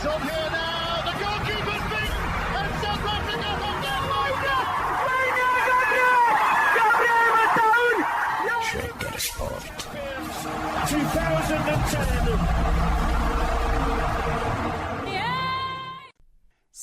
It's on here now.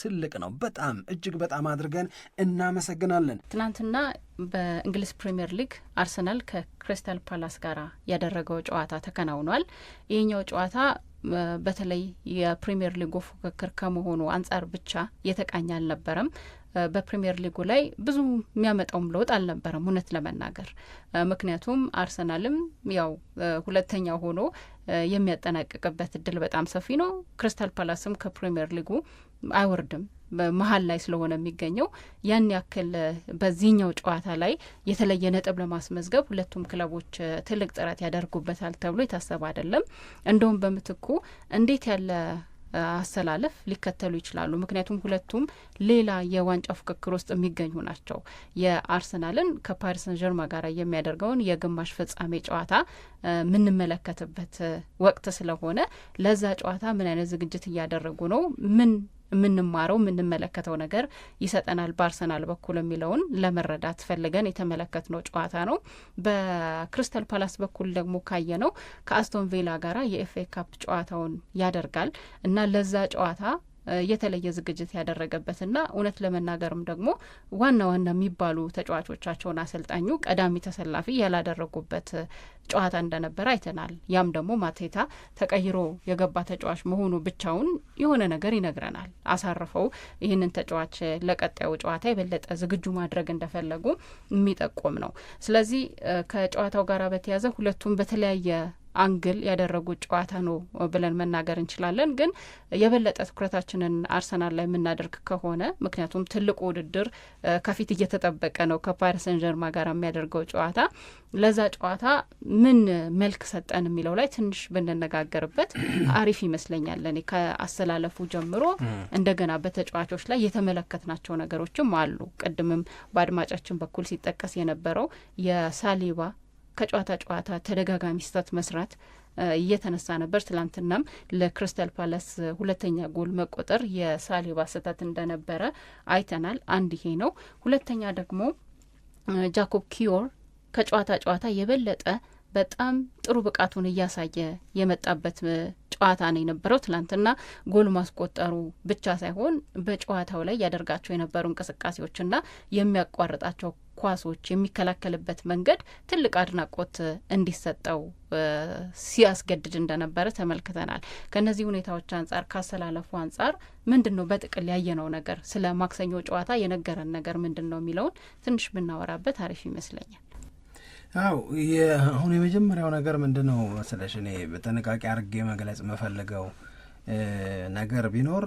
ትልቅ ነው። በጣም እጅግ በጣም አድርገን እናመሰግናለን። ትናንትና በእንግሊዝ ፕሪምየር ሊግ አርሰናል ከክሪስታል ፓላስ ጋር ያደረገው ጨዋታ ተከናውኗል። ይህኛው ጨዋታ በተለይ የፕሪምየር ሊጉ ፉክክር ከመሆኑ አንጻር ብቻ የተቃኘ አልነበረም። በፕሪምየር ሊጉ ላይ ብዙ የሚያመጣውም ለውጥ አልነበረም እውነት ለመናገር ምክንያቱም አርሰናልም ያው ሁለተኛ ሆኖ የሚያጠናቅቅበት እድል በጣም ሰፊ ነው። ክሪስታል ፓላስም ከፕሪምየር ሊጉ አይወርድም መሀል ላይ ስለሆነ የሚገኘው ያን ያክል በዚህኛው ጨዋታ ላይ የተለየ ነጥብ ለማስመዝገብ ሁለቱም ክለቦች ትልቅ ጥረት ያደርጉበታል ተብሎ የታሰበ አይደለም። እንደውም በምትኩ እንዴት ያለ አሰላለፍ ሊከተሉ ይችላሉ? ምክንያቱም ሁለቱም ሌላ የዋንጫ ፉክክር ውስጥ የሚገኙ ናቸው። የአርሰናልን ከፓሪስ ጀርማ ጋር የሚያደርገውን የግማሽ ፍጻሜ ጨዋታ የምንመለከትበት ወቅት ስለሆነ ለዛ ጨዋታ ምን አይነት ዝግጅት እያደረጉ ነው? ምን የምንማረው የምንመለከተው ነገር ይሰጠናል በአርሰናል በኩል የሚለውን ለመረዳት ፈልገን የተመለከትነው ጨዋታ ነው። በክሪስታል ፓላስ በኩል ደግሞ ካየ ነው ከአስቶን ቪላ ጋራ የኤፍኤ ካፕ ጨዋታውን ያደርጋል እና ለዛ ጨዋታ የተለየ ዝግጅት ያደረገበትና እውነት ለመናገርም ደግሞ ዋና ዋና የሚባሉ ተጫዋቾቻቸውን አሰልጣኙ ቀዳሚ ተሰላፊ ያላደረጉበት ጨዋታ እንደነበረ አይተናል። ያም ደግሞ ማቴታ ተቀይሮ የገባ ተጫዋች መሆኑ ብቻውን የሆነ ነገር ይነግረናል። አሳርፈው ይህንን ተጫዋች ለቀጣዩ ጨዋታ የበለጠ ዝግጁ ማድረግ እንደፈለጉ የሚጠቁም ነው። ስለዚህ ከጨዋታው ጋር በተያያዘ ሁለቱም በተለያየ አንግል ያደረጉት ጨዋታ ነው ብለን መናገር እንችላለን። ግን የበለጠ ትኩረታችንን አርሰናል ላይ የምናደርግ ከሆነ ምክንያቱም ትልቁ ውድድር ከፊት እየተጠበቀ ነው፣ ከፓሪስ ሰን ጀርማ ጋር የሚያደርገው ጨዋታ ለዛ ጨዋታ ምን መልክ ሰጠን የሚለው ላይ ትንሽ ብንነጋገርበት አሪፍ ይመስለኛል። እኔ ከአሰላለፉ ጀምሮ እንደገና በተጫዋቾች ላይ የተመለከትናቸው ነገሮችም አሉ። ቅድምም በአድማጫችን በኩል ሲጠቀስ የነበረው የሳሊባ ከጨዋታ ጨዋታ ተደጋጋሚ ስህተት መስራት እየተነሳ ነበር። ትላንትናም ለክሪስታል ፓላስ ሁለተኛ ጎል መቆጠር የሳሌባ ስህተት እንደነበረ አይተናል። አንድ ይሄ ነው። ሁለተኛ ደግሞ ጃኮብ ኪዮር ከጨዋታ ጨዋታ የበለጠ በጣም ጥሩ ብቃቱን እያሳየ የመጣበት ጨዋታ ነው የነበረው። ትላንትና ጎል ማስቆጠሩ ብቻ ሳይሆን በጨዋታው ላይ ያደርጋቸው የነበሩ እንቅስቃሴዎችና የሚያቋርጣቸው ኳሶች የሚከላከልበት መንገድ ትልቅ አድናቆት እንዲሰጠው ሲያስገድድ እንደነበረ ተመልክተናል። ከእነዚህ ሁኔታዎች አንጻር ካሰላለፉ አንጻር ምንድን ነው በጥቅል ያየነው ነገር ስለ ማክሰኞ ጨዋታ የነገረን ነገር ምንድን ነው የሚለውን ትንሽ ብናወራበት አሪፍ ይመስለኛል። አው አሁን የመጀመሪያው ነገር ምንድን ነው መሰለሽ እኔ በጥንቃቄ አድርጌ መግለጽ መፈልገው ነገር ቢኖር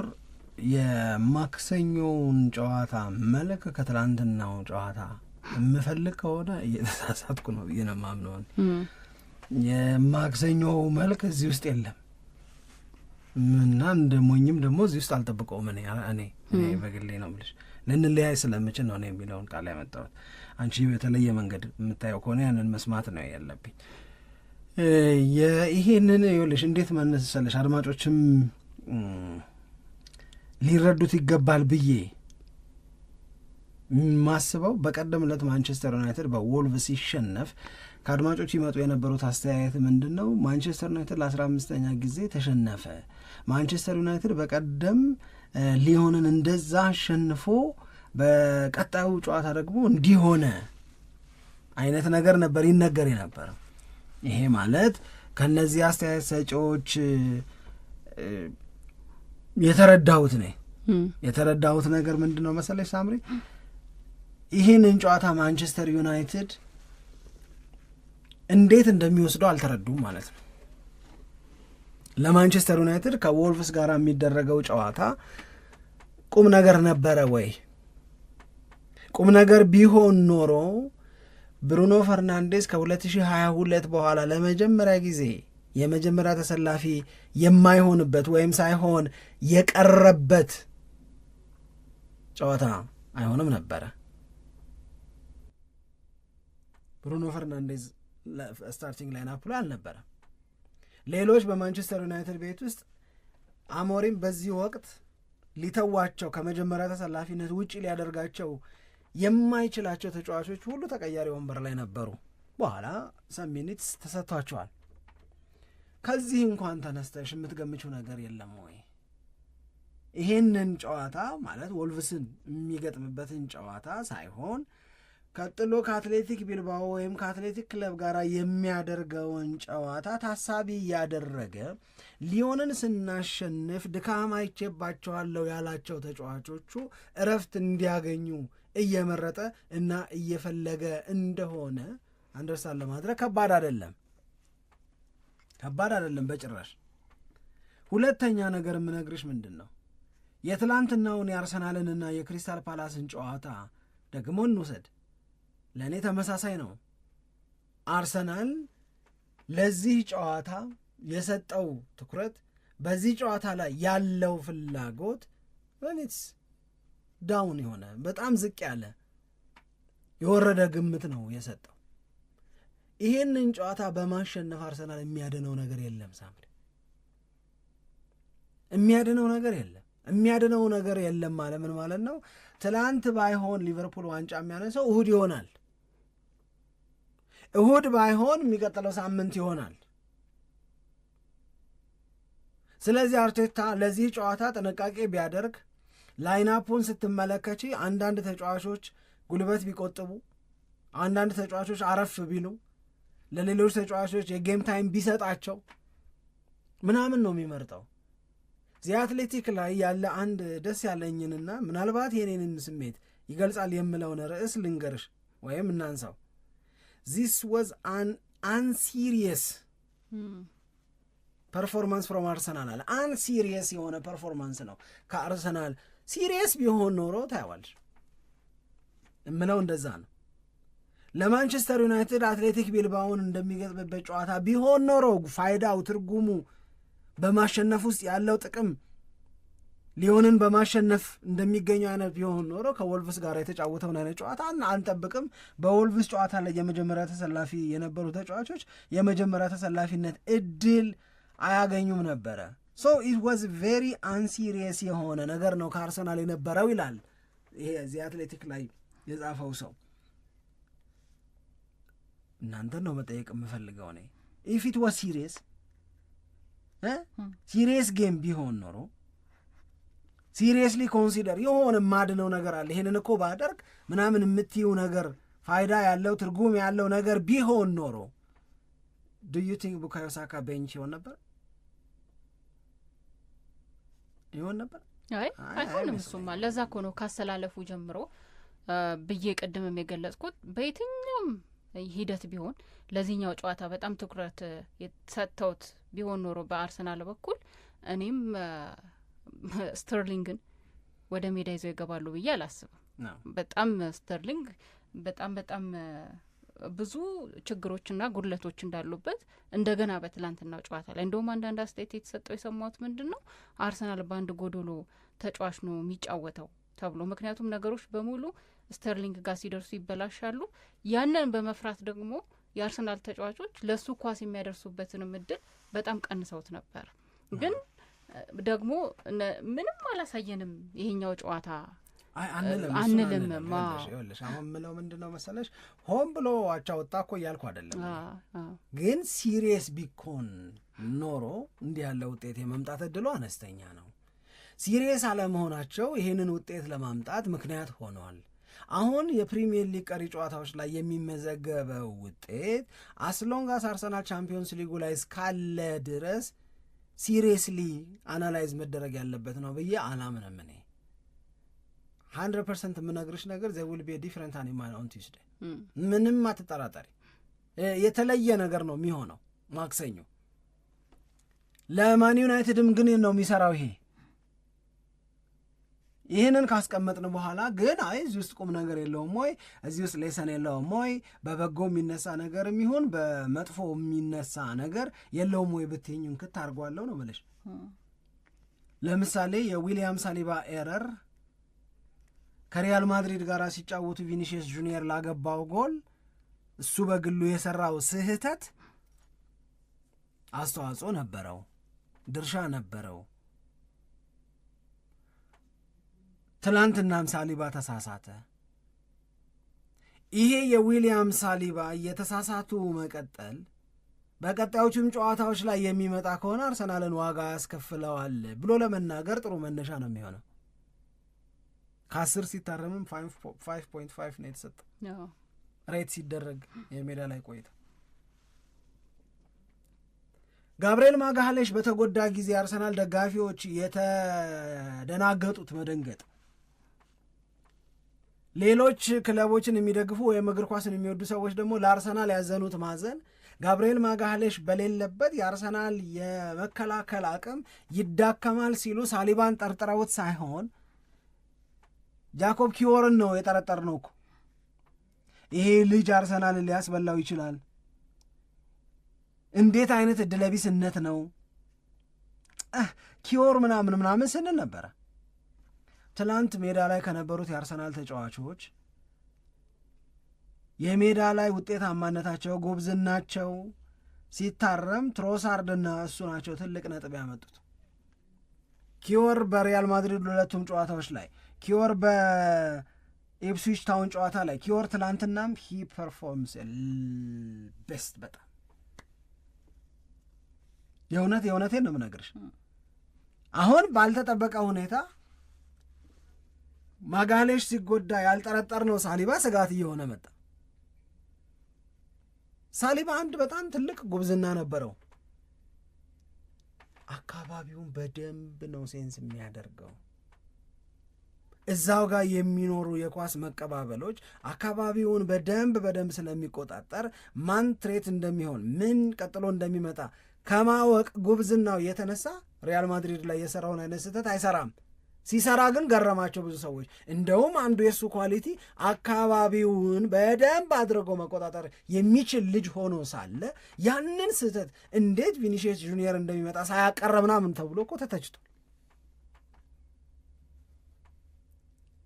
የማክሰኞውን ጨዋታ መልክ ከትላንትናው ጨዋታ የምፈልግ ከሆነ እየተሳሳትኩ ነው ብዬ ነው የማምነው። የማክሰኞው መልክ እዚህ ውስጥ የለም እና እንደ ሞኝም ደግሞ እዚህ ውስጥ አልጠብቀውም። እኔ እኔ በግሌ ነው የምልሽ ልንለያይ ስለምችል ነው የሚለውን ቃል ያመጣሁት። አንቺ በተለየ መንገድ የምታየው ከሆነ ያንን መስማት ነው ያለብኝ። ይሄንን ይኸውልሽ እንዴት መነስሰለሽ አድማጮችም ሊረዱት ይገባል ብዬ ማስበው በቀደም ዕለት ማንቸስተር ዩናይትድ በወልቭ ሲሸነፍ ከአድማጮች ይመጡ የነበሩት አስተያየት ምንድን ነው? ማንቸስተር ዩናይትድ ለአስራ አምስተኛ ጊዜ ተሸነፈ። ማንቸስተር ዩናይትድ በቀደም ሊሆንን እንደዛ አሸንፎ በቀጣዩ ጨዋታ ደግሞ እንዲሆነ አይነት ነገር ነበር ይነገር ነበር። ይሄ ማለት ከነዚህ አስተያየት ሰጪዎች የተረዳሁት ነ የተረዳሁት ነገር ምንድን ነው መሰለሽ ሳምሪ ይህንን ጨዋታ ማንቸስተር ዩናይትድ እንዴት እንደሚወስደው አልተረዱም ማለት ነው። ለማንቸስተር ዩናይትድ ከወልቭስ ጋር የሚደረገው ጨዋታ ቁም ነገር ነበረ ወይ? ቁም ነገር ቢሆን ኖሮ ብሩኖ ፈርናንዴስ ከ2022 በኋላ ለመጀመሪያ ጊዜ የመጀመሪያ ተሰላፊ የማይሆንበት ወይም ሳይሆን የቀረበት ጨዋታ አይሆንም ነበረ። ብሩኖ ፈርናንዴዝ ስታርቲንግ ላይን አፕ ላይ አልነበረም። ሌሎች በማንቸስተር ዩናይትድ ቤት ውስጥ አሞሪም በዚህ ወቅት ሊተዋቸው ከመጀመሪያ ተሰላፊነት ውጪ ሊያደርጋቸው የማይችላቸው ተጫዋቾች ሁሉ ተቀያሪ ወንበር ላይ ነበሩ። በኋላ ሰሚኒትስ ተሰጥቷቸዋል። ከዚህ እንኳን ተነስተሽ የምትገምችው ነገር የለም ወይ? ይሄንን ጨዋታ ማለት ወልቭስን የሚገጥምበትን ጨዋታ ሳይሆን ቀጥሎ ከአትሌቲክ ቢልባኦ ወይም ከአትሌቲክ ክለብ ጋር የሚያደርገውን ጨዋታ ታሳቢ እያደረገ ሊዮንን ስናሸንፍ ድካም አይቼባቸዋለሁ ያላቸው ተጫዋቾቹ እረፍት እንዲያገኙ እየመረጠ እና እየፈለገ እንደሆነ አንደርሳን ለማድረግ ከባድ አይደለም፣ ከባድ አይደለም በጭራሽ። ሁለተኛ ነገር የምነግርሽ ምንድን ነው የትላንትናውን የአርሰናልንና የክሪስታል ፓላስን ጨዋታ ደግሞ እንውሰድ። ለእኔ ተመሳሳይ ነው። አርሰናል ለዚህ ጨዋታ የሰጠው ትኩረት፣ በዚህ ጨዋታ ላይ ያለው ፍላጎት ለኔትስ ዳውን የሆነ በጣም ዝቅ ያለ የወረደ ግምት ነው የሰጠው። ይሄንን ጨዋታ በማሸነፍ አርሰናል የሚያድነው ነገር የለም። ሳምሪ የሚያድነው ነገር የለም። የሚያድነው ነገር የለም ማለት ምን ማለት ነው? ትላንት ባይሆን ሊቨርፑል ዋንጫ የሚያነሰው እሁድ ይሆናል። እሁድ ባይሆን የሚቀጥለው ሳምንት ይሆናል። ስለዚህ አርቴታ ለዚህ ጨዋታ ጥንቃቄ ቢያደርግ ላይናፑን ስትመለከች አንዳንድ ተጫዋቾች ጉልበት ቢቆጥቡ፣ አንዳንድ ተጫዋቾች አረፍ ቢሉ፣ ለሌሎች ተጫዋቾች የጌም ታይም ቢሰጣቸው ምናምን ነው የሚመርጠው። ዚ አትሌቲክ ላይ ያለ አንድ ደስ ያለኝንና ምናልባት የኔንን ስሜት ይገልጻል የምለውን ርዕስ ልንገርሽ ወይም እናንሳው። ዚስ ወዝ አን አንሲሪየስ ፐርፎርማንስ ፍሮም አርሰናል አለ። አንሲሪየስ የሆነ ፐርፎርማንስ ነው ከአርሰናል። ሲሪየስ ቢሆን ኖሮ ታያዋል እምለው እንደዛ ነው። ለማንቸስተር ዩናይትድ አትሌቲክ ቢልባውን እንደሚገጥምበት ጨዋታ ቢሆን ኖሮ ፋይዳው ትርጉሙ በማሸነፍ ውስጥ ያለው ጥቅም ሊዮንን በማሸነፍ እንደሚገኘው አይነት ቢሆን ኖሮ ከወልቭስ ጋር የተጫወተውን አይነት ጨዋታ አንጠብቅም። በወልቭስ ጨዋታ ላይ የመጀመሪያ ተሰላፊ የነበሩ ተጫዋቾች የመጀመሪያ ተሰላፊነት እድል አያገኙም ነበረ። ሶ ኢት ዋዝ ቬሪ አንሲሪየስ የሆነ ነገር ነው ከአርሰናል የነበረው ይላል ይሄ እዚህ አትሌቲክ ላይ የጻፈው ሰው። እናንተን ነው መጠየቅ የምፈልገው እኔ ኢፍ ኢት ዋዝ ሲሪየስ ሲሪየስ ጌም ቢሆን ኖሮ ሲሪየስሊ ኮንሲደር የሆነ ማድነው ነገር አለ ይሄንን እኮ ባደርግ ምናምን የምትይው ነገር ፋይዳ ያለው ትርጉም ያለው ነገር ቢሆን ኖሮ ዱዩ ቲንክ ቡካዮ ሳካ ቤንች ይሆን ነበር ይሆን ነበር? አይ አይሆንም። እሱማ ለዛ እኮ ነው ካስተላለፉ ጀምሮ ብዬ ቅድምም የገለጽኩት በየትኛውም ሂደት ቢሆን ለዚህኛው ጨዋታ በጣም ትኩረት ሰጥተውት ቢሆን ኖሮ በአርሰናል በኩል እኔም ስተርሊንግን ወደ ሜዳ ይዘው ይገባሉ ብዬ አላስብም። በጣም ስተርሊንግ በጣም በጣም ብዙ ችግሮችና ጉድለቶች እንዳሉበት እንደገና በትላንትናው ጨዋታ ላይ እንደውም አንዳንድ አስተያየት የተሰጠው የሰማሁት ምንድን ነው አርሰናል በአንድ ጎዶሎ ተጫዋች ነው የሚጫወተው ተብሎ ምክንያቱም ነገሮች በሙሉ ስተርሊንግ ጋር ሲደርሱ ይበላሻሉ። ያንን በመፍራት ደግሞ የአርሰናል ተጫዋቾች ለሱ ኳስ የሚያደርሱበትንም እድል በጣም ቀንሰውት ነበር ግን ደግሞ ምንም አላሳየንም ይሄኛው ጨዋታ አንልም አሁን ምለው ምንድን ነው መሰለሽ ሆን ብሎ አቻ ወጣ እኮ እያልኩ አይደለም ግን ሲሪየስ ቢኮን ኖሮ እንዲህ ያለ ውጤት የመምጣት እድሉ አነስተኛ ነው ሲሪየስ አለመሆናቸው ይህንን ውጤት ለማምጣት ምክንያት ሆኗል አሁን የፕሪሚየር ሊግ ቀሪ ጨዋታዎች ላይ የሚመዘገበው ውጤት አስሎንጋስ አርሰናል ቻምፒዮንስ ሊጉ ላይ እስካለ ድረስ ሲሪየስሊ አናላይዝ መደረግ ያለበት ነው ብዬ አላምንም። እኔ ሀንድረድ ፐርሰንት የምነግርሽ ነገር ዘ ውል ቤ ዲፍረንት አኒማል ኦን ቲውስዴ ምንም አትጠራጠሪ። የተለየ ነገር ነው የሚሆነው ማክሰኞ። ለማን ዩናይትድም ግን ነው የሚሰራው ይሄ ይህንን ካስቀመጥን በኋላ ግን አይ እዚህ ውስጥ ቁም ነገር የለውም ወይ እዚህ ውስጥ ሌሰን የለውም ወይ በበጎ የሚነሳ ነገር የሚሆን በመጥፎ የሚነሳ ነገር የለውም ወይ ብትኝ እንክት አርጓለሁ ነው የምልሽ። ለምሳሌ የዊሊያም ሳሊባ ኤረር ከሪያል ማድሪድ ጋር ሲጫወቱ ቪኒሽስ ጁኒየር ላገባው ጎል እሱ በግሉ የሰራው ስህተት አስተዋጽኦ ነበረው፣ ድርሻ ነበረው። ትላንትናም ሳሊባ ተሳሳተ። ይሄ የዊልያም ሳሊባ የተሳሳቱ መቀጠል በቀጣዮቹም ጨዋታዎች ላይ የሚመጣ ከሆነ አርሰናልን ዋጋ ያስከፍለዋል ብሎ ለመናገር ጥሩ መነሻ ነው የሚሆነው። ከአስር ሲታረምም ፋይቭ ፖይንት ፋይቭ ነው የተሰጠው ሬት ሲደረግ የሜዳ ላይ ቆይታ ጋብርኤል ማጋሌሽ በተጎዳ ጊዜ አርሰናል ደጋፊዎች የተደናገጡት መደንገጥ ሌሎች ክለቦችን የሚደግፉ ወይም እግር ኳስን የሚወዱ ሰዎች ደግሞ ለአርሰናል ያዘኑት ማዘን ጋብርኤል ማጋሌሽ በሌለበት የአርሰናል የመከላከል አቅም ይዳከማል ሲሉ ሳሊባን ጠርጥረውት ሳይሆን ጃኮብ ኪዎርን ነው ነው እኮ ይሄ ልጅ አርሰናልን ሊያስበላው ይችላል። እንዴት አይነት እድለቢስነት ነው ኪዮር ምናምን ምናምን ስንል ነበረ። ትላንት ሜዳ ላይ ከነበሩት የአርሰናል ተጫዋቾች የሜዳ ላይ ውጤታማነታቸው ጎብዝናቸው ሲታረም ትሮሳርድና እሱ ናቸው ትልቅ ነጥብ ያመጡት። ኪዮር በሪያል ማድሪድ ሁለቱም ጨዋታዎች ላይ ኪዮር በኢፕስዊች ታውን ጨዋታ ላይ ኪዮር ትላንትናም ሂ ፐርፎርምስ ቤስት በጣም የእውነት የእውነቴን ነው የምነግርሽ አሁን ባልተጠበቀ ሁኔታ ማጋሌሽ ሲጎዳ ያልጠረጠር ነው ሳሊባ ስጋት እየሆነ መጣ። ሳሊባ አንድ በጣም ትልቅ ጉብዝና ነበረው። አካባቢውን በደንብ ነው ሴንስ የሚያደርገው። እዛው ጋር የሚኖሩ የኳስ መቀባበሎች አካባቢውን በደንብ በደንብ ስለሚቆጣጠር ማን ትሬት እንደሚሆን ምን ቀጥሎ እንደሚመጣ ከማወቅ ጉብዝናው የተነሳ ሪያል ማድሪድ ላይ የሰራውን አይነት ስህተት አይሰራም። ሲሰራ ግን ገረማቸው ብዙ ሰዎች። እንደውም አንዱ የእሱ ኳሊቲ አካባቢውን በደንብ አድርጎ መቆጣጠር የሚችል ልጅ ሆኖ ሳለ ያንን ስህተት እንዴት ቪኒሽስ ጁኒየር እንደሚመጣ ሳያቀረ ምናምን ተብሎ እኮ ተተችቷል።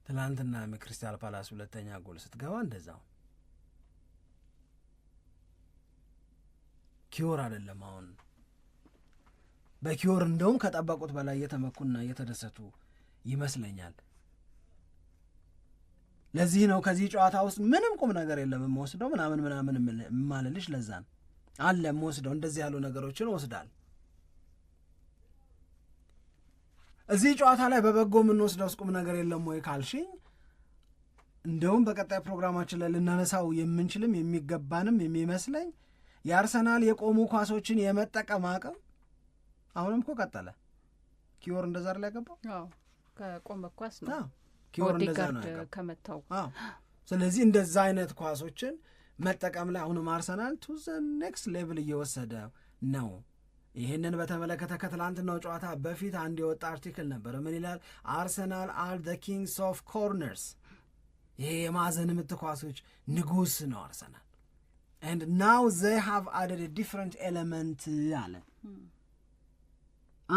ትላንትና የክሪስታል ፓላስ ሁለተኛ ጎል ስትገባ እንደዛው ኪዮር አይደለም አሁን በኪዮር እንደውም ከጠበቁት በላይ እየተመኩና እየተደሰቱ ይመስለኛል። ለዚህ ነው ከዚህ ጨዋታ ውስጥ ምንም ቁም ነገር የለም የምወስደው ምናምን ምናምን የማልልሽ ለዛ ነው አለ የምወስደው እንደዚህ ያሉ ነገሮችን ወስዳል። እዚህ ጨዋታ ላይ በበጎ የምንወስደው ውስጥ ቁም ነገር የለም ወይ ካልሽኝ እንደውም በቀጣይ ፕሮግራማችን ላይ ልናነሳው የምንችልም የሚገባንም የሚመስለኝ የአርሰናል የቆሙ ኳሶችን የመጠቀም አቅም አሁንም እኮ ቀጠለ። ኪዮር እንደዛ ላይ ገባው ከቆመ ኳስ ነው ኪወር ከመታው። ስለዚህ እንደዛ አይነት ኳሶችን መጠቀም ላይ አሁንም አርሰናል ቱ ዘ ኔክስት ሌቭል እየወሰደ ነው። ይህንን በተመለከተ ከትላንትናው ጨዋታ በፊት አንድ የወጣ አርቲክል ነበር። ምን ይላል? አርሰናል አር ዘ ኪንግስ ኦፍ ኮርነርስ። ይሄ የማዕዘን ምት ኳሶች ንጉስ ነው አርሰናል ኤንድ ናው ዘይ ሃቭ አደድ ዲፍረንት ኤለመንት አለ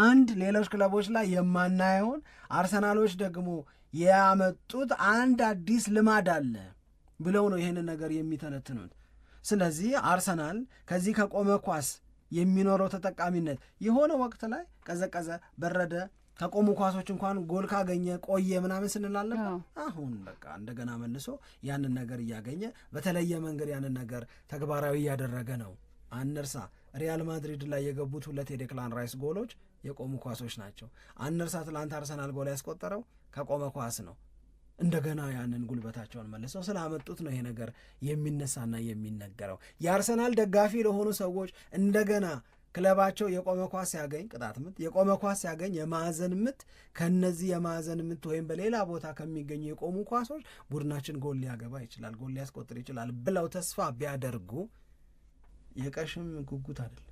አንድ ሌሎች ክለቦች ላይ የማናየውን አርሰናሎች ደግሞ ያመጡት አንድ አዲስ ልማድ አለ ብለው ነው ይህንን ነገር የሚተነትኑት። ስለዚህ አርሰናል ከዚህ ከቆመ ኳስ የሚኖረው ተጠቃሚነት የሆነ ወቅት ላይ ቀዘቀዘ፣ በረደ፣ ከቆሙ ኳሶች እንኳን ጎል ካገኘ ቆየ ምናምን ስንላለን። አሁን በቃ እንደገና መልሶ ያንን ነገር እያገኘ በተለየ መንገድ ያንን ነገር ተግባራዊ እያደረገ ነው። አንርሳ ሪያል ማድሪድ ላይ የገቡት ሁለት የዴክላን ራይስ ጎሎች የቆሙ ኳሶች ናቸው። አንርሳ ትላንት አርሰናል ጎል ያስቆጠረው ከቆመ ኳስ ነው። እንደገና ያንን ጉልበታቸውን መልሰው ስላመጡት ነው ይሄ ነገር የሚነሳና የሚነገረው። የአርሰናል ደጋፊ ለሆኑ ሰዎች እንደገና ክለባቸው የቆመ ኳስ ሲያገኝ ቅጣት ምት፣ የቆመ ኳስ ሲያገኝ የማዕዘን ምት፣ ከነዚህ የማዕዘን ምት ወይም በሌላ ቦታ ከሚገኙ የቆሙ ኳሶች ቡድናችን ጎል ሊያገባ ይችላል፣ ጎል ሊያስቆጥር ይችላል ብለው ተስፋ ቢያደርጉ የቀሽም ጉጉት አይደለም።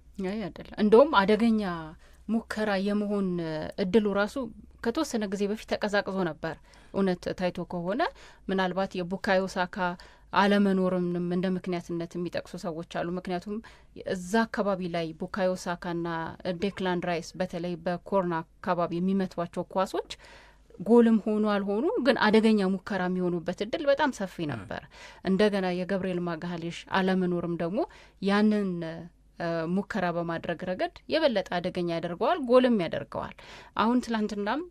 እንደውም አደገኛ ሙከራ የመሆን እድሉ ራሱ ከተወሰነ ጊዜ በፊት ተቀዛቅዞ ነበር። እውነት ታይቶ ከሆነ ምናልባት የቡካዮ ሳካ አለመኖርንም እንደ ምክንያትነት የሚጠቅሱ ሰዎች አሉ። ምክንያቱም እዛ አካባቢ ላይ ቡካዮ ሳካና ዴክላንድ ራይስ በተለይ በኮርና አካባቢ የሚመቷቸው ኳሶች ጎልም ሆኑ አልሆኑ ግን አደገኛ ሙከራ የሚሆኑበት እድል በጣም ሰፊ ነበር። እንደገና የገብርኤል ማጋሃሌሽ አለመኖርም ደግሞ ያንን ሙከራ በማድረግ ረገድ የበለጠ አደገኛ ያደርገዋል፣ ጎልም ያደርገዋል። አሁን ትላንትናም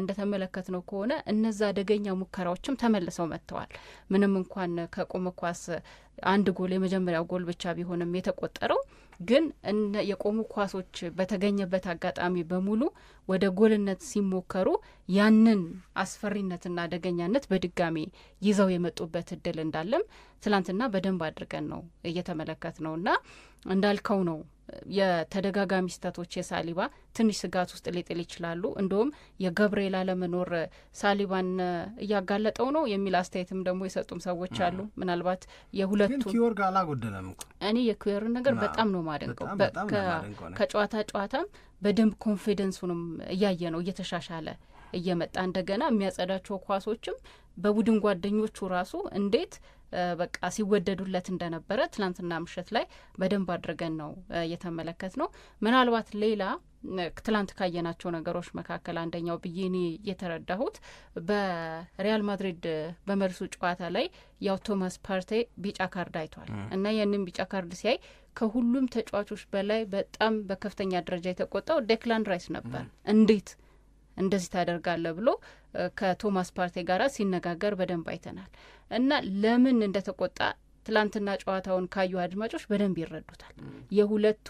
እንደተመለከትነው ከሆነ እነዛ አደገኛ ሙከራዎችም ተመልሰው መጥተዋል። ምንም እንኳን ከቁም ኳስ አንድ ጎል የመጀመሪያው ጎል ብቻ ቢሆንም የተቆጠረው ግን የቆሙ ኳሶች በተገኘበት አጋጣሚ በሙሉ ወደ ጎልነት ሲሞከሩ ያንን አስፈሪነትና አደገኛነት በድጋሚ ይዘው የመጡበት እድል እንዳለም ትላንትና በደንብ አድርገን ነው እየተመለከት እና እንዳልከው ነው የተደጋጋሚ ስህተቶች የሳሊባ ትንሽ ስጋት ውስጥ ሊጥል ይችላሉ። እንዲሁም የገብርኤል አለመኖር ሳሊባን እያጋለጠው ነው የሚል አስተያየትም ደግሞ የሰጡም ሰዎች አሉ። ምናልባት የሁለቱ ኪዮርግ አላጎደለም። እኔ የኪዮርን ነገር በጣም ነው ማደንቀው። ከጨዋታ ጨዋታም በደንብ ኮንፊደንሱንም እያየ ነው እየተሻሻለ እየመጣ እንደገና የሚያጸዳቸው ኳሶችም በቡድን ጓደኞቹ ራሱ እንዴት በቃ ሲወደዱለት እንደነበረ ትናንትና ምሽት ላይ በደንብ አድርገን ነው እየተመለከት ነው። ምናልባት ሌላ ትላንት ካየናቸው ነገሮች መካከል አንደኛው ብዬ እኔ የተረዳሁት በሪያል ማድሪድ በመልሱ ጨዋታ ላይ ያው ቶማስ ፓርቴ ቢጫ ካርድ አይቷል እና ያንን ቢጫ ካርድ ሲያይ ከሁሉም ተጫዋቾች በላይ በጣም በከፍተኛ ደረጃ የተቆጣው ዴክላን ራይስ ነበር። እንዴት እንደዚህ ታደርጋለህ ብሎ ከቶማስ ፓርቴ ጋር ሲነጋገር በደንብ አይተናል እና ለምን እንደተቆጣ ትላንትና ጨዋታውን ካዩ አድማጮች በደንብ ይረዱታል። የሁለቱ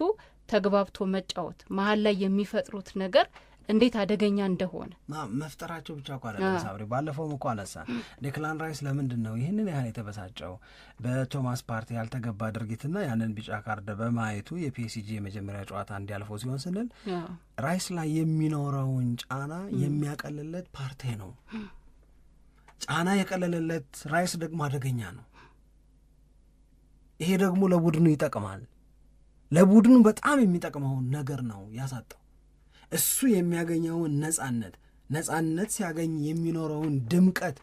ተግባብቶ መጫወት መሀል ላይ የሚፈጥሩት ነገር እንዴት አደገኛ እንደሆነ መፍጠራቸው ብቻ እኳ አለ ሳብሪ ባለፈውም እኮ አነሳ ዴክላን ራይስ ለምንድን ነው ይህንን ያህል የተበሳጨው በቶማስ ፓርቲ ያልተገባ ድርጊትና ያንን ቢጫ ካርድ በማየቱ የፒኤስጂ የመጀመሪያ ጨዋታ እንዲያልፈው ሲሆን ስንል ራይስ ላይ የሚኖረውን ጫና የሚያቀልለት ፓርቴ ነው። ጫና የቀለለለት ራይስ ደግሞ አደገኛ ነው። ይሄ ደግሞ ለቡድኑ ይጠቅማል። ለቡድኑ በጣም የሚጠቅመውን ነገር ነው ያሳጣው። እሱ የሚያገኘውን ነጻነት ነጻነት ሲያገኝ የሚኖረውን ድምቀት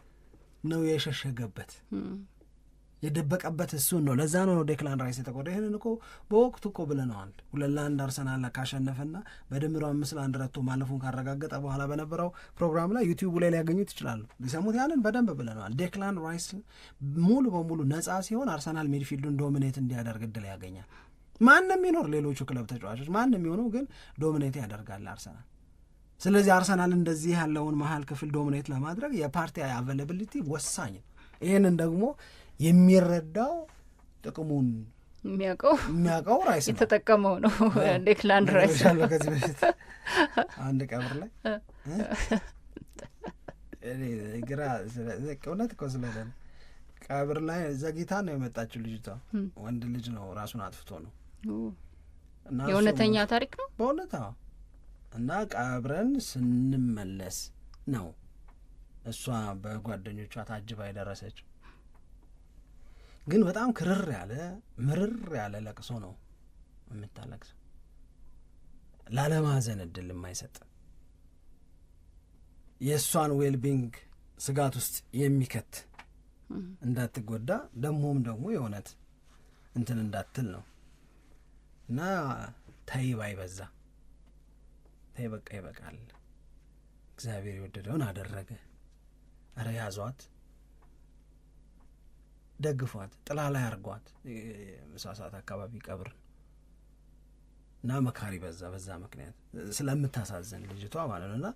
ነው የሸሸገበት የደበቀበት እሱን ነው። ለዛ ነው ዴክላን ራይስ የተቆዳ። ይህንን እኮ በወቅቱ እኮ ብለነዋል። ሁለት ለአንድ አርሰናል ካሸነፈና በድምሮ አምስት ለአንድ ረቶ ማለፉን ካረጋገጠ በኋላ በነበረው ፕሮግራም ላይ ዩቲዩቡ ላይ ሊያገኙት ይችላሉ፣ ሊሰሙት። ያንን በደንብ ብለነዋል። ዴክላን ራይስ ሙሉ በሙሉ ነጻ ሲሆን አርሰናል ሚድፊልዱን ዶሚኔት እንዲያደርግ እድል ያገኛል። ማንም ይኖር ሌሎቹ ክለብ ተጫዋቾች ማንም የሆነው ግን ዶሚኔት ያደርጋል አርሰናል። ስለዚህ አርሰናል እንደዚህ ያለውን መሀል ክፍል ዶሚኔት ለማድረግ የፓርቲ አቬላብሊቲ ወሳኝ ነው። ይህንን ደግሞ የሚረዳው ጥቅሙን የሚያውቀው የሚያውቀው ራይስ የተጠቀመው ነው። ዴክላንድ ራይስ ከዚህ በፊት አንድ ቀብር ላይ ግራ እውነት እኮ ስለሆነ ቀብር ላይ ዘግይታ ነው የመጣችው ልጅቷ። ወንድ ልጅ ነው ራሱን አጥፍቶ ነው የእውነተኛ ታሪክ ነው በእውነታ እና ቀብረን ስንመለስ ነው እሷ በጓደኞቿ ታጅባ የደረሰችው። ግን በጣም ክርር ያለ ምርር ያለ ለቅሶ ነው የምታለቅሰው። ላለማዘን እድል የማይሰጥ የእሷን ዌልቢንግ ስጋት ውስጥ የሚከት እንዳትጎዳ ደግሞም ደግሞ የእውነት እንትን እንዳትል ነው እና ተይ ባይ ተይ በቃ ይበቃል። እግዚአብሔር የወደደውን አደረገ። እረ ያዟት፣ ደግፏት፣ ጥላ ላይ አርጓት። ምሳ ሰዓት አካባቢ ቀብር እና መካሪ በዛ በዛ ምክንያት ስለምታሳዝን ልጅቷ ማለት ነው እና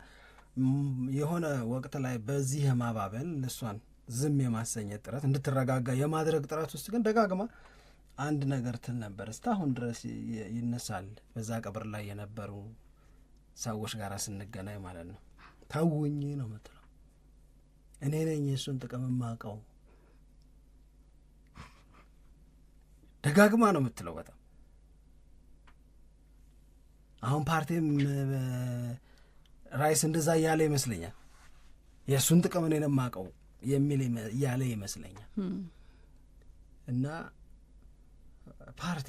የሆነ ወቅት ላይ በዚህ የማባበል እሷን ዝም የማሰኘት ጥረት እንድትረጋጋ የማድረግ ጥረት ውስጥ ግን ደጋግማ አንድ ነገር ትል ነበር አሁን ድረስ ይነሳል። በዛ ቀብር ላይ የነበሩ ሰዎች ጋር ስንገናኝ ማለት ነው ታውኝ ነው የምትለው። እኔ ነኝ የእሱን ጥቅም የማውቀው ደጋግማ ነው የምትለው። በጣም አሁን ፓርቲም ራይስ እንደዛ እያለ ይመስለኛል የእሱን ጥቅም እኔ ነው የማውቀው የሚል እያለ ይመስለኛል እና ፓርቲ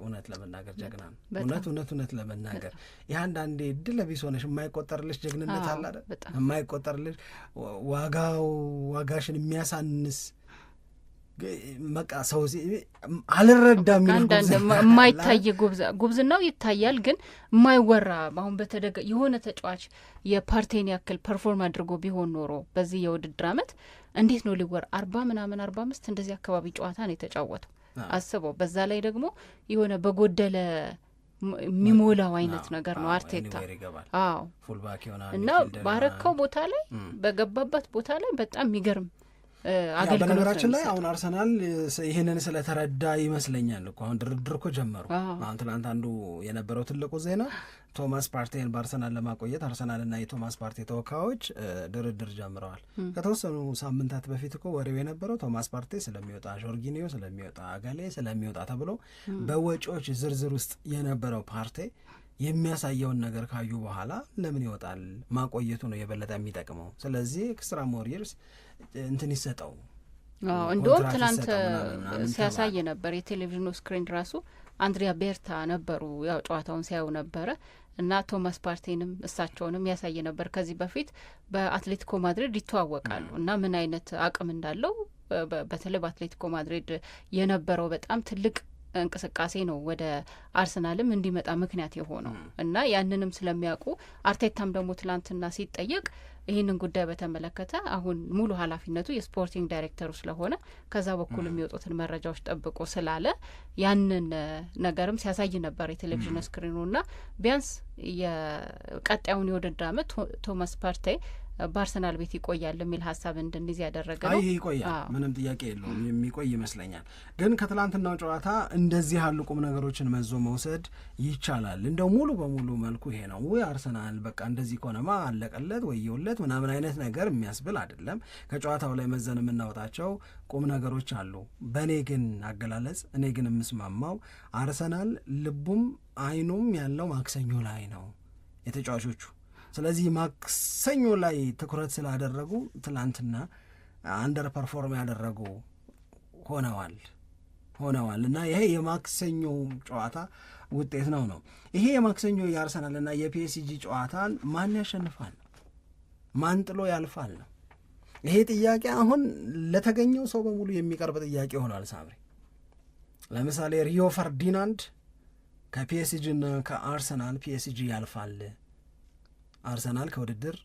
እውነት ለመናገር ጀግና ነው። እውነት እውነት እውነት ለመናገር ይህ አንዳንዴ እድል ለቢስ ሆነሽ የማይቆጠርልሽ ጀግንነት አለ አይደል? የማይቆጠርልሽ ዋጋው ዋጋሽን የሚያሳንስ በቃ ሰው አልረዳም የማይታይ ጉብዝናው ይታያል፣ ግን የማይወራ አሁን በተደገ የሆነ ተጫዋች የፓርቴን ያክል ፐርፎርም አድርጎ ቢሆን ኖሮ በዚህ የውድድር አመት እንዴት ነው ሊወራ አርባ ምናምን አርባ አምስት እንደዚህ አካባቢ ጨዋታ ነው የተጫወተው አስበው። በዛ ላይ ደግሞ የሆነ በጎደለ የሚሞላው አይነት ነገር ነው አርቴታ። አዎ እና ባረከው ቦታ ላይ በገባበት ቦታ ላይ በጣም የሚገርም አገልግሎት በነገራችን ላይ አሁን አርሰናል ይህንን ስለተረዳ ይመስለኛል እኮ አሁን ድርድር እኮ ጀመሩ። አሁን ትናንት አንዱ የነበረው ትልቁ ዜና ቶማስ ፓርቴን በአርሰናል ለማቆየት አርሰናልና የቶማስ ፓርቴ ተወካዮች ድርድር ጀምረዋል። ከተወሰኑ ሳምንታት በፊት እኮ ወሬው የነበረው ቶማስ ፓርቴ ስለሚወጣ፣ ጆርጊኒዮ ስለሚወጣ፣ አገሌ ስለሚወጣ ተብሎ በወጪዎች ዝርዝር ውስጥ የነበረው ፓርቴ የሚያሳየውን ነገር ካዩ በኋላ ለምን ይወጣል? ማቆየቱ ነው የበለጠ የሚጠቅመው። ስለዚህ ኤክስትራ ሞሪርስ እንትን ይሰጠው። እንደውም ትናንት ሲያሳይ ነበር የቴሌቪዥኑ ስክሪን ራሱ አንድሪያ ቤርታ ነበሩ። ያው ጨዋታውን ሲያዩ ነበረ እና ቶማስ ፓርቴንም እሳቸውንም ያሳይ ነበር። ከዚህ በፊት በአትሌቲኮ ማድሪድ ይተዋወቃሉ እና ምን አይነት አቅም እንዳለው በተለይ በአትሌቲኮ ማድሪድ የነበረው በጣም ትልቅ እንቅስቃሴ ነው ወደ አርሰናልም እንዲመጣ ምክንያት የሆነው እና ያንንም ስለሚያውቁ አርቴታም ደግሞ ትላንትና ሲጠየቅ ይህንን ጉዳይ በተመለከተ አሁን ሙሉ ኃላፊነቱ የስፖርቲንግ ዳይሬክተሩ ስለሆነ ከዛ በኩል የሚወጡትን መረጃዎች ጠብቆ ስላለ ያንን ነገርም ሲያሳይ ነበር የቴሌቪዥን ስክሪኑና ቢያንስ የቀጣዩን የውድድር አመት ቶማስ ፓርቴ በአርሰናል ቤት ይቆያል የሚል ሀሳብ እንድንይዝ ያደረገ ነው። ይሄ ይቆያል፣ ምንም ጥያቄ የለውም፣ የሚቆይ ይመስለኛል። ግን ከትላንትናው ጨዋታ እንደዚህ ያሉ ቁም ነገሮችን መዞ መውሰድ ይቻላል። እንደው ሙሉ በሙሉ መልኩ ይሄ ነው አርሰናል በቃ እንደዚህ ከሆነማ አለቀለት ወየውለት ምናምን አይነት ነገር የሚያስብል አይደለም። ከጨዋታው ላይ መዘን የምናወጣቸው ቁም ነገሮች አሉ። በእኔ ግን አገላለጽ እኔ ግን የምስማማው አርሰናል ልቡም አይኑም ያለው ማክሰኞ ላይ ነው የተጫዋቾቹ ስለዚህ ማክሰኞ ላይ ትኩረት ስላደረጉ ትላንትና አንደር ፐርፎርም ያደረጉ ሆነዋል ሆነዋል እና ይሄ የማክሰኞ ጨዋታ ውጤት ነው ነው ይሄ የማክሰኞ የአርሰናልና የፒኤስጂ ጨዋታን ማን ያሸንፋል ነው ማን ጥሎ ያልፋል ነው ይሄ ጥያቄ አሁን ለተገኘው ሰው በሙሉ የሚቀርብ ጥያቄ ሆኗል ሳምሪ ለምሳሌ ሪዮ ፈርዲናንድ ከፒኤስጂ እና ከአርሰናል ፒኤስጂ ያልፋል አርሰናል ከውድድር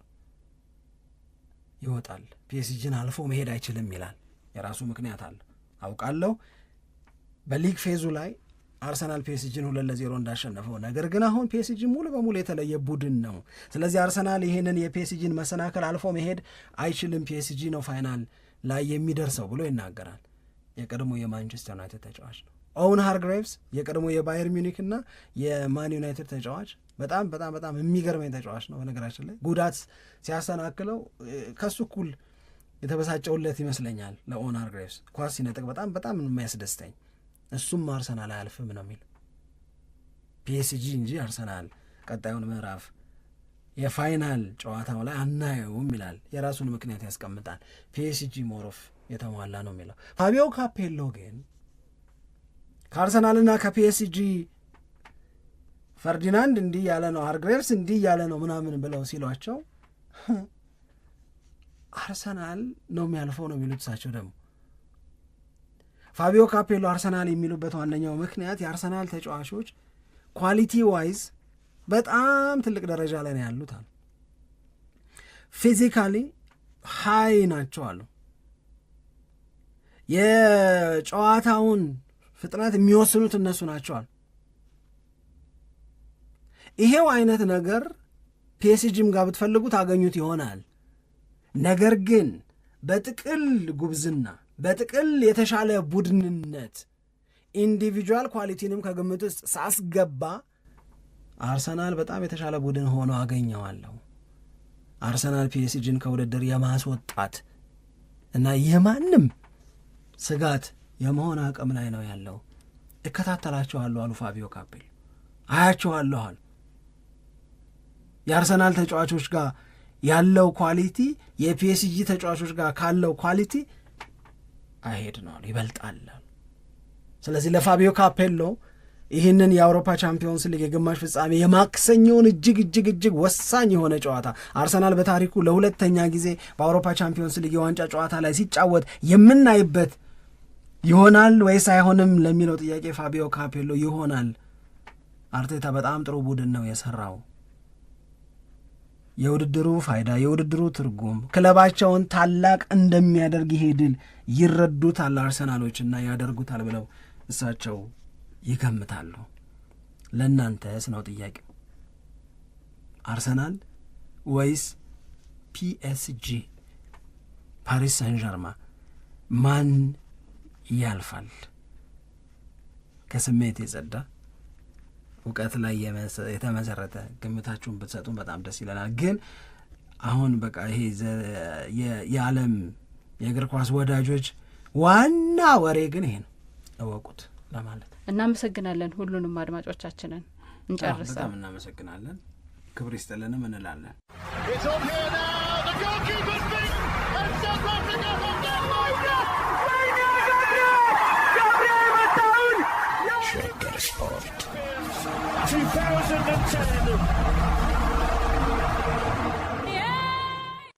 ይወጣል፣ ፒኤስጂን አልፎ መሄድ አይችልም ይላል። የራሱ ምክንያት አለ አውቃለሁ። በሊግ ፌዙ ላይ አርሰናል ፒኤስጂን ሁለት ለዜሮ እንዳሸነፈው፣ ነገር ግን አሁን ፒኤስጂ ሙሉ በሙሉ የተለየ ቡድን ነው። ስለዚህ አርሰናል ይህንን የፒኤስጂን መሰናከል አልፎ መሄድ አይችልም፣ ፒኤስጂ ነው ፋይናል ላይ የሚደርሰው ብሎ ይናገራል። የቀድሞ የማንቸስተር ዩናይትድ ተጫዋች ነው። ኦውን ሃርግሬቭስ የቀድሞ የባየር ሚኒክ እና የማን ዩናይትድ ተጫዋች በጣም በጣም በጣም የሚገርመኝ ተጫዋች ነው። በነገራችን ላይ ጉዳት ሲያሰናክለው ከሱ እኩል የተበሳጨውለት ይመስለኛል ለኦውን ሃርግሬቭስ ኳስ ሲነጥቅ በጣም በጣም የሚያስደስተኝ እሱም አርሰናል አያልፍም ነው የሚል ፒኤስጂ እንጂ አርሰናል ቀጣዩን ምዕራፍ የፋይናል ጨዋታው ላይ አናየውም ይላል። የራሱን ምክንያት ያስቀምጣል። ፒኤስጂ ሞሮፍ የተሟላ ነው የሚለው ፋቢዮ ካፔሎ ግን ከአርሰናልና ከፒኤስጂ ፈርዲናንድ እንዲህ ያለ ነው፣ አርግሬርስ እንዲህ ያለ ነው ምናምን ብለው ሲሏቸው አርሰናል ነው የሚያልፈው ነው የሚሉት እሳቸው ደግሞ ፋቢዮ ካፔሎ አርሰናል የሚሉበት ዋነኛው ምክንያት የአርሰናል ተጫዋቾች ኳሊቲ ዋይዝ በጣም ትልቅ ደረጃ ላይ ነው ያሉት አሉ። ፊዚካሊ ሀይ ናቸው አሉ። የጨዋታውን ፍጥነት የሚወስኑት እነሱ ናቸዋል። ይሄው አይነት ነገር ፒኤስጂም ጋር ብትፈልጉት አገኙት ይሆናል። ነገር ግን በጥቅል ጉብዝና፣ በጥቅል የተሻለ ቡድንነት፣ ኢንዲቪጁዋል ኳሊቲንም ከግምት ውስጥ ሳስገባ አርሰናል በጣም የተሻለ ቡድን ሆኖ አገኘዋለሁ። አርሰናል ፒኤስጂን ከውድድር የማስወጣት እና የማንም ስጋት የመሆን አቅም ላይ ነው ያለው። እከታተላችኋለሁ አሉ ፋቢዮ ካፔል። አያችኋለሁ አሉ። የአርሰናል ተጫዋቾች ጋር ያለው ኳሊቲ የፒኤስጂ ተጫዋቾች ጋር ካለው ኳሊቲ አይሄድ ነው ይበልጣል። ስለዚህ ለፋቢዮ ካፔሎ ይህንን የአውሮፓ ቻምፒዮንስ ሊግ የግማሽ ፍጻሜ የማክሰኞውን እጅግ እጅግ እጅግ ወሳኝ የሆነ ጨዋታ አርሰናል በታሪኩ ለሁለተኛ ጊዜ በአውሮፓ ቻምፒዮንስ ሊግ የዋንጫ ጨዋታ ላይ ሲጫወት የምናይበት ይሆናል ወይስ አይሆንም ለሚለው ጥያቄ ፋቢዮ ካፔሎ ይሆናል። አርቴታ በጣም ጥሩ ቡድን ነው የሰራው። የውድድሩ ፋይዳ፣ የውድድሩ ትርጉም ክለባቸውን ታላቅ እንደሚያደርግ ይሄ ድል ይረዱታል አርሰናሎችና ያደርጉታል ብለው እሳቸው ይገምታሉ። ለእናንተስ ነው ጥያቄው፣ አርሰናል ወይስ ፒኤስጂ ፓሪስ ሰን ዠርማ ማን ያልፋል። ከስሜት የጸዳ እውቀት ላይ የተመሰረተ ግምታችሁን ብትሰጡን በጣም ደስ ይለናል። ግን አሁን በቃ ይሄ የዓለም የእግር ኳስ ወዳጆች ዋና ወሬ ግን ይሄ ነው፣ እወቁት ለማለት እናመሰግናለን። ሁሉንም አድማጮቻችንን እንጨርስ። በጣም እናመሰግናለን። ክብር ይስጥልንም እንላለን። 2010.